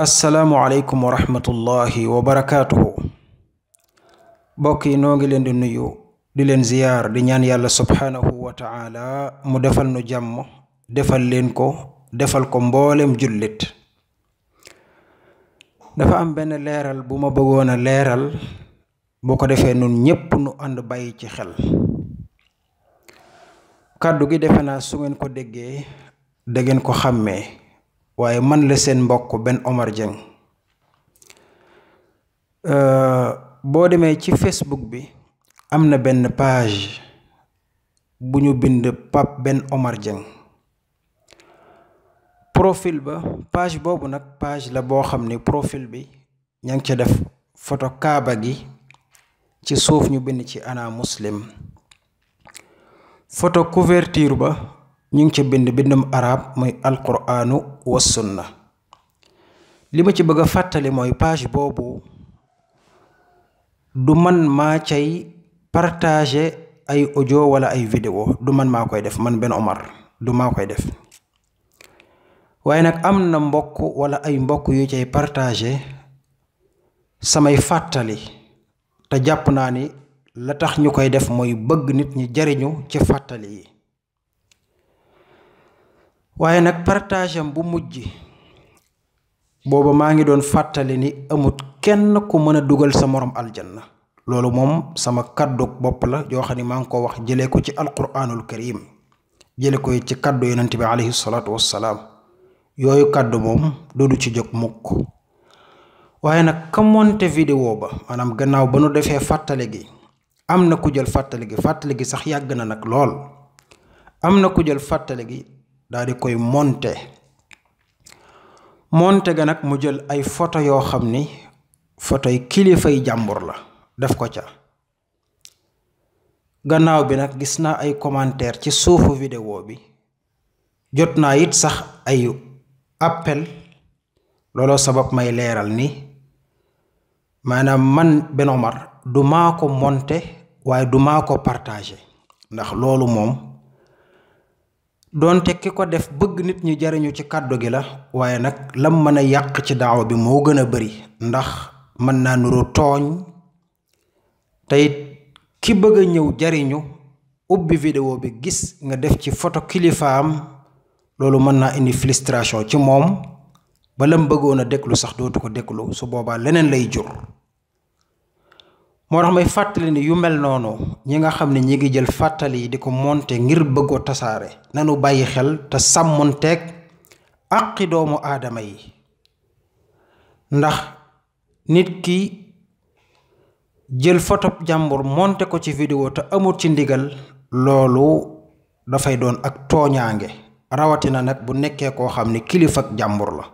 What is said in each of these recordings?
asalaamualeykum wa rahmatullahi wa barakaatuhu mbokk yi noo ngi leen di nuyu di leen ziyaar di ñaan yàlla subhaanahu wa taala mu defal nu jàmm defal leen ko defal ko mboolem jullit dafa am benn leeral bu ma bëggoon a leeral boo ko defee nun ñépp nu ànd bàyyi ci xel kàddu gi defe naa su ngeen ko déggee da ko xàmmee waaye man la seen mbokk benn Omar Dieng euh, boo demee ci Facebook bi am na benn page bu ñu bind Pape Ben Omar profil ba page boobu nag page la boo xam ni profil bi ña ngi ca def photo kaaba gi ci suuf ñu bind ci ana muslim photo couverture ba ñu ngi ca bind bindum arab muy alquraanu wa sunna li ma ci bëgg a fàttali mooy page boobu du man maa cay partage ay audio wala ay video du man maa koy def man Ben Omar du maa koy def waaye nag am na mbokk wala ay mbokk yu cay partage samay fàttali te jàpp naa ni la tax ñu koy def mooy bëgg nit ñi jariñu ci fàttali yi waaye nag partage bu mujj booba maa ngi doon fàttali ni amut kenn ku mën a dugal sa moroom aljan aljanna loolu moom sama kàddu bopp la yoo xam ne maa ngi ko wax jële ko ci alquranul karim jële ko ci kàddu yonent bi alayhi salaatu wassalaam yooyu kàddu moom du ci jóg mukk waaye nag ka monte vidéo ba maanaam gannaaw ba nu defee fàttale gi am na ku jël fàttali gi fàttale gi sax yàgg na nag lool am na ku jël fàttali gi daal di koy monter monter ga nag mu jël ay photo yoo xam ni foto yi kilifay jàmbur la def ko ca gannaaw bi nag gis naa ay commentaire ci suufu vidéo bi jot naa it sax ay appel looloo sabab may leeral ni maanaam man Ben Omar du maa ko monter waaye du maa ko partager ndax loolu moom doonte ki ko def bëgg nit ñi jariñu ci kàddu gi la waaye nag lam mën a yàq ci daawa bi moo gën a bari ndax mën naa nuru tooñ teyit ki bëgg a ñëw jariñu ubbi vidéo bi gis nga def ci photo kilifaam loolu mën naa indi filistration ci moom ba lam bëggoon a déglu sax dootu ko déglu su boobaa leneen lay jur moo tax may fàttali ni yu mel noonu ñi nga xam ne ñi ngi jël fàttali yi di ko monte ngir bëggoo tasaare nanu bàyyi xel te sàmmonteeg àqi doomu aadama yi ndax nit ki jël photo jàmbur monte ko ci vidéo te amul ci ndigal loolu dafay doon ak tooñaange rawatina nag bu nekkee koo xam ni kilifa ak jàmbur la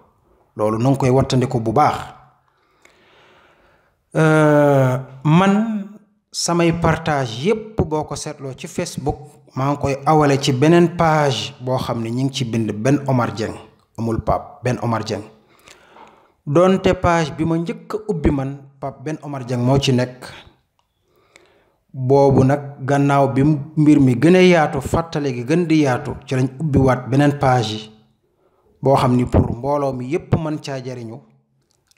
loolu na nga koy wattandiku bu baax Euh, man samay partage yépp boo ko seetloo ci Facebook maa ngi koy awale ci beneen page boo xam ne ñi ngi ci bind benn Omar amul Pape Ben Omar doonte page bi ma njëkk a ubbi man Pape benn Omar moo ci nekk boobu nag gannaaw bi mbir mi gën a yaatu fàttale gi gën di yaatu ci lañ ubbiwaat beneen page yi boo xam ni pour mbooloo mi yépp mën caa jariñu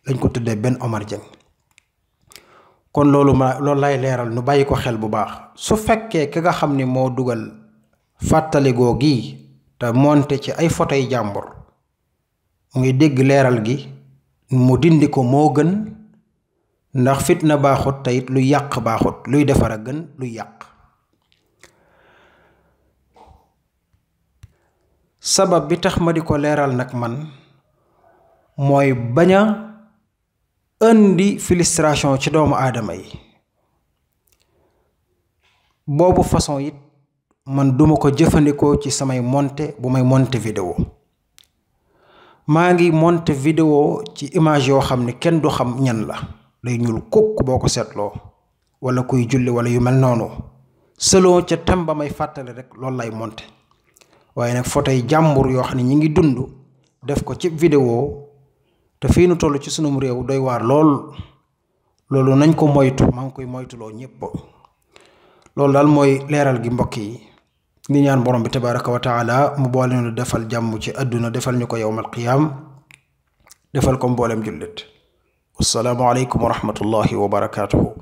lañ ko tuddee benn Omar kon loolu lay leeral nu bàyyi ko xel bu baax su fekkee ki nga xam ni moo dugal fàttaligoo gi te monte ci ay photo jàmbur mu ngi dégg leeral gi mu dindi ko moo gën ndax fitna baaxut te it lu yàq baaxut luy defar a gën luy yàq sabab bi tax ma di ko leeral nag man mooy bañ indi frustration ci doomu aadama yi boobu façon it man duma ko jëfandikoo ci samay monte bu may monte vidéo maa ngi monte vidéo ci image yoo xam ne kenn du xam ñan la lay ñuul kukk boo ko seetloo wala kuy julli wala yu mel noonu selon ca thème ba may fàttali rek loolu lay monte waaye nag photo jàmbur yoo xam ne ñi ngi dund def ko ci vidéo te fii nu toll ci sunum réew doy waar lool loolu nañ ko moytu maa ngi koy moytuloo ñëpp loolu daal mooy leeral gi mbokk yi ni ñaan borom bi tabaraka wa taala mu boole nu defal jàmm ci àdduna defal ñu ko yowmal qiyaam defal ko mboolem jullit wassalaamu aleykum wa rahmatullahi wa barakaatuhu